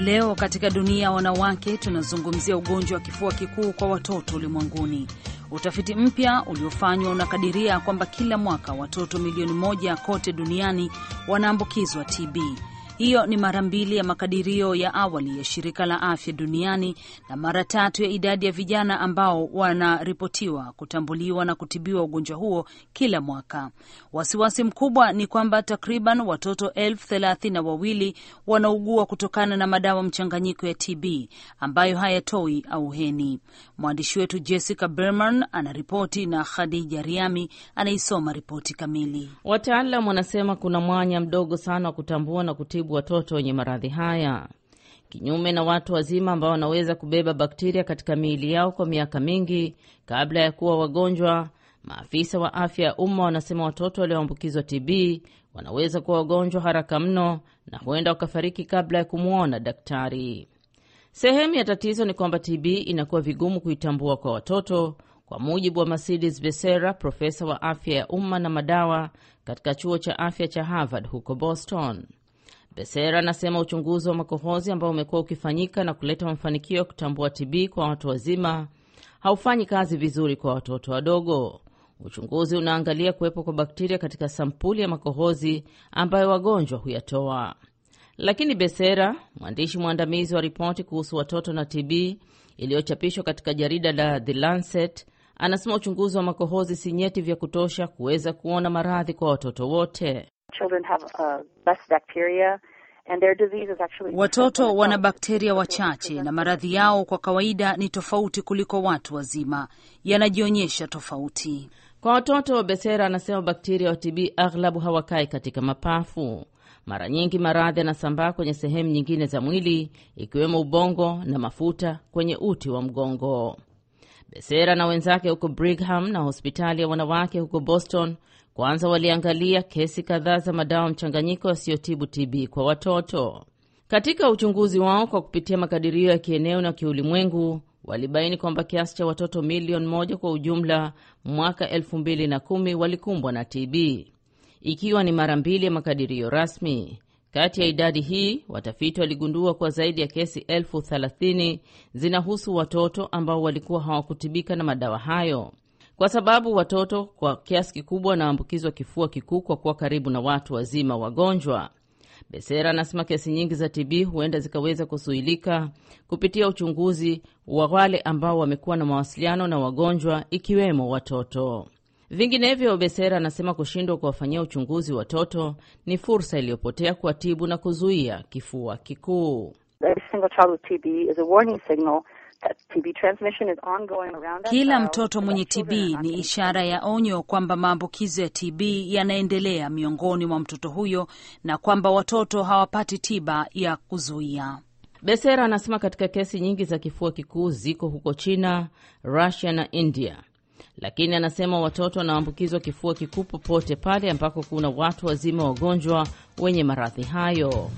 Leo katika dunia ya wanawake tunazungumzia ugonjwa wa kifua kikuu kwa watoto ulimwenguni. Utafiti mpya uliofanywa unakadiria kwamba kila mwaka watoto milioni moja kote duniani wanaambukizwa TB hiyo ni mara mbili ya makadirio ya awali ya shirika la afya duniani na mara tatu ya idadi ya vijana ambao wanaripotiwa kutambuliwa na kutibiwa ugonjwa huo kila mwaka. Wasiwasi mkubwa ni kwamba takriban watoto elfu thelathini na wawili wanaugua kutokana na madawa mchanganyiko ya TB ambayo hayatoi auheni. Mwandishi wetu Jessica Berman anaripoti na Khadija Riami anaisoma ripoti kamili. Wataalam wanasema kuna mwanya mdogo sana wa kutambua na kutibu kutibu watoto wenye maradhi haya, kinyume na watu wazima ambao wanaweza kubeba bakteria katika miili yao kwa miaka mingi kabla ya kuwa wagonjwa. Maafisa wa afya ya umma wanasema watoto walioambukizwa TB wanaweza kuwa wagonjwa haraka mno na huenda wakafariki kabla ya kumwona daktari. Sehemu ya tatizo ni kwamba TB inakuwa vigumu kuitambua kwa watoto, kwa mujibu wa Mercedes Becerra, profesa wa afya ya umma na madawa katika chuo cha afya cha Harvard huko Boston. Besera anasema uchunguzi wa makohozi ambao umekuwa ukifanyika na kuleta mafanikio ya kutambua TB kwa watu wazima haufanyi kazi vizuri kwa watoto wadogo. Uchunguzi unaangalia kuwepo kwa bakteria katika sampuli ya makohozi ambayo wagonjwa huyatoa. Lakini Besera, mwandishi mwandamizi wa ripoti kuhusu watoto na TB iliyochapishwa katika jarida la The Lancet, anasema uchunguzi wa makohozi si nyeti vya kutosha kuweza kuona maradhi kwa watoto wote. Children have, uh, less bacteria. And their disease is actually... watoto wana bakteria wachache na maradhi yao kwa kawaida ni tofauti kuliko watu wazima, yanajionyesha tofauti. Kwa watoto, Besera anasema bakteria wa TB aghlabu hawakai katika mapafu. Mara nyingi maradhi yanasambaa kwenye sehemu nyingine za mwili ikiwemo ubongo na mafuta kwenye uti wa mgongo. Besera na wenzake huko Brigham na hospitali ya wanawake huko Boston kwanza waliangalia kesi kadhaa za madawa mchanganyiko yasiyotibu TB kwa watoto. Katika uchunguzi wao kwa kupitia makadirio ya kieneo na kiulimwengu, walibaini kwamba kiasi cha watoto milioni moja kwa ujumla mwaka elfu mbili na kumi walikumbwa na TB, ikiwa ni mara mbili ya makadirio rasmi. Kati ya idadi hii, watafiti waligundua kuwa zaidi ya kesi elfu thelathini zinahusu watoto ambao walikuwa hawakutibika na madawa hayo, kwa sababu watoto kwa kiasi kikubwa wanaambukizwa kifua kikuu kwa kuwa karibu na watu wazima wagonjwa. Besera anasema kesi nyingi za TB huenda zikaweza kuzuilika kupitia uchunguzi wa wale ambao wamekuwa na mawasiliano na wagonjwa, ikiwemo watoto. Vinginevyo, Besera anasema kushindwa kuwafanyia uchunguzi watoto ni fursa iliyopotea kuwatibu na kuzuia kifua kikuu. Kila mtoto mwenye TB ni ishara ya onyo kwamba maambukizo ya TB yanaendelea miongoni mwa mtoto huyo na kwamba watoto hawapati tiba ya kuzuia. Besera anasema katika kesi nyingi za kifua kikuu ziko huko China, Russia na India lakini anasema watoto wanaambukizwa kifua kikuu popote pale ambako kuna watu wazima wagonjwa wenye maradhi hayo.